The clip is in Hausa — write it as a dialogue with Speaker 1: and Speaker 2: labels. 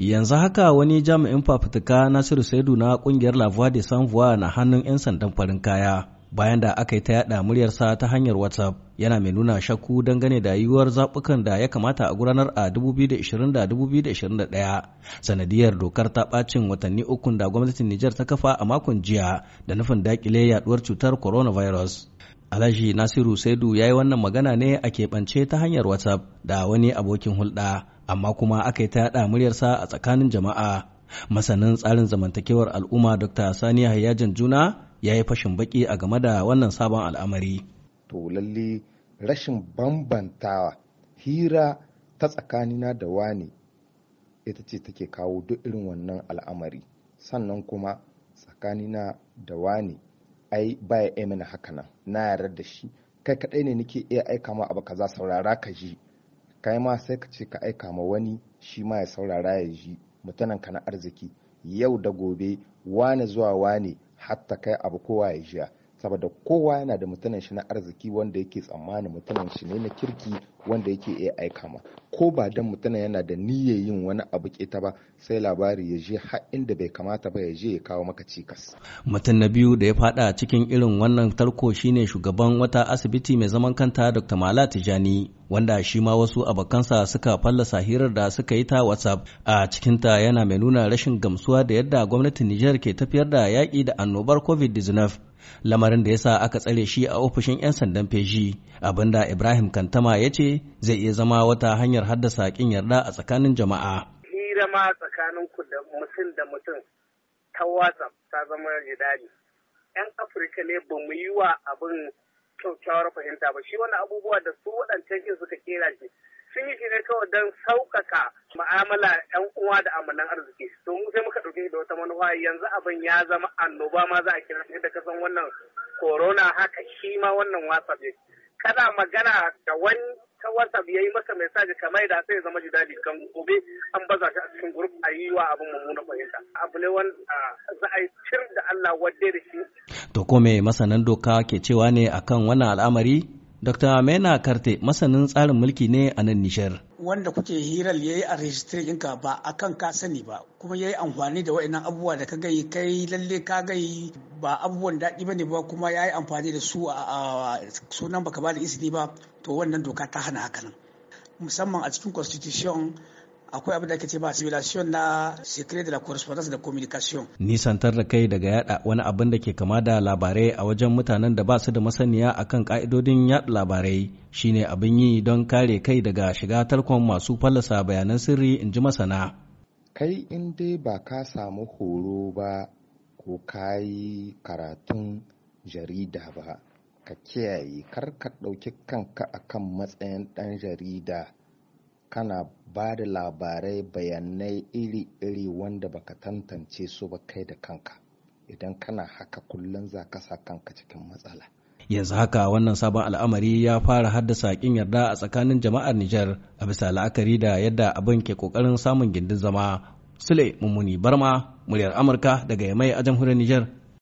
Speaker 1: Yanzu haka wani jami'in fafutuka Nasiru Saidu na kungiyar La Voix de Sans Voix na hannun 'yan sandan farin kaya bayan da aka yi ta yada muryarsa ta hanyar WhatsApp yana mai nuna shakku dangane da yiwuwar zaɓukan da ya kamata a gudanar a 2020-2021 sanadiyar dokar ta ɓacin watanni ukun da gwamnatin Nijar ta kafa a makon jiya da nufin dakile yaduwar cutar coronavirus. Alhaji Nasiru Saidu ya yi wannan magana ne a keɓance ta hanyar WhatsApp da wani abokin hulɗa, amma kuma aka yi ta yaɗa muryarsa a tsakanin jama'a. Masanin tsarin zamantakewar al'umma Dr. Sani Hayyajin Juna
Speaker 2: ya yi fashin baki a game da wannan sabon al'amari. To lalle rashin bambantawa hira ta tsakanina da wani ita ce take kawo duk irin wannan al'amari sannan kuma tsakanina da wani ai baya ya mini haka nan na yarda da shi kai kaɗai ne nake iya aika ma abu kaza saurara ka ji kai ma sai ka ce ka aika ma wani shi ma ya saurara ya ji mutanen ka na arziki yau da gobe wane zuwa wane hatta kai abu kowa ya jiya saboda kowa yana da mutanen shi na arziki wanda yake tsammanin mutanen shi ne na kirki wanda yake iya aika ma ko ba dan mutanen yana da niyyar yin wani abu keta ba sai labari ya je har inda bai kamata ba ya je ya kawo maka cikas
Speaker 1: mutum na biyu da ya fada cikin irin wannan tarko shine shugaban wata asibiti mai zaman kanta Dr. Mala Tijani wanda shi ma wasu abokansa suka fallasa hirar da suka yi ta WhatsApp a cikinta yana mai nuna rashin gamsuwa da yadda gwamnatin Nijar ke tafiyar da yaƙi da annobar COVID-19 lamarin da ya sa aka tsare shi a ofishin 'yan sandan feshi abinda ibrahim kantama ya ce zai iya zama wata hanyar haddasa kin yarda a tsakanin jama'a
Speaker 3: hira ma tsakanin ku da mutum da mutum ta whatsapp ta zama jidali 'yan afirka ne ba mu yi wa abin kyaukyawar fahimta ba shi wani abubuwa da su waɗancan suka kera shi sun yi shi ne kawai don sauƙaƙa ma'amala yan uwa da amanan arziki to mu sai muka ɗauke da wata manufa yanzu abin ya zama annoba ma za a kira shi da kasan wannan corona haka shi ma wannan whatsapp ne kana magana da wani ta whatsapp ya yi masa maka saji kamar da sai ya zama daji kan gobe an baza shi a cikin grup a yi wa abin mummuna fahimta abu ne wanda za a yi cir da Allah wadde da shi.
Speaker 1: To ko me masanan doka ke cewa ne akan wannan al'amari? Dr. Mena Karte masanin tsarin mulki ne a nan Nishar.
Speaker 4: Wanda kuke hirar yayi a registry ɗinka ba a kan ka sani ba kuma yayi amfani da wa'annan abubuwa da ka gai kai lalle ka gai ba abubuwan daɗi bane ba kuma ya yi amfani da su a sunan baka ba da izini ba to wannan doka ta hana hakanan. Musamman a cikin constitution akwai abin da ake ce ma civilization na secret de la correspondance da communication
Speaker 1: nisantar da kai daga yada wani abin da ke kama da labarai a wajen mutanen da ba su da masaniya akan ka'idodin yada labarai shine abin yi don kare kai daga shiga tarkon masu fallasa bayanan sirri in ji masana
Speaker 2: kai in dai ba ka samu horo ba ko ka yi karatun jarida ba ka kiyaye kar ka ɗauki kanka akan matsayin ɗan jarida kana ba da labarai bayanai iri-iri wanda baka tantance su ba kai da kanka idan kana haka kullum za ka sa kanka cikin matsala
Speaker 1: yanzu haka wannan sabon al'amari ya fara haddasa kin yarda a tsakanin jama'ar Nijar a bisa la'akari da yadda abin ke kokarin samun gindin zama Sule Mummuni Barma muryar Amurka daga Yamai a jamhuriyar Nijar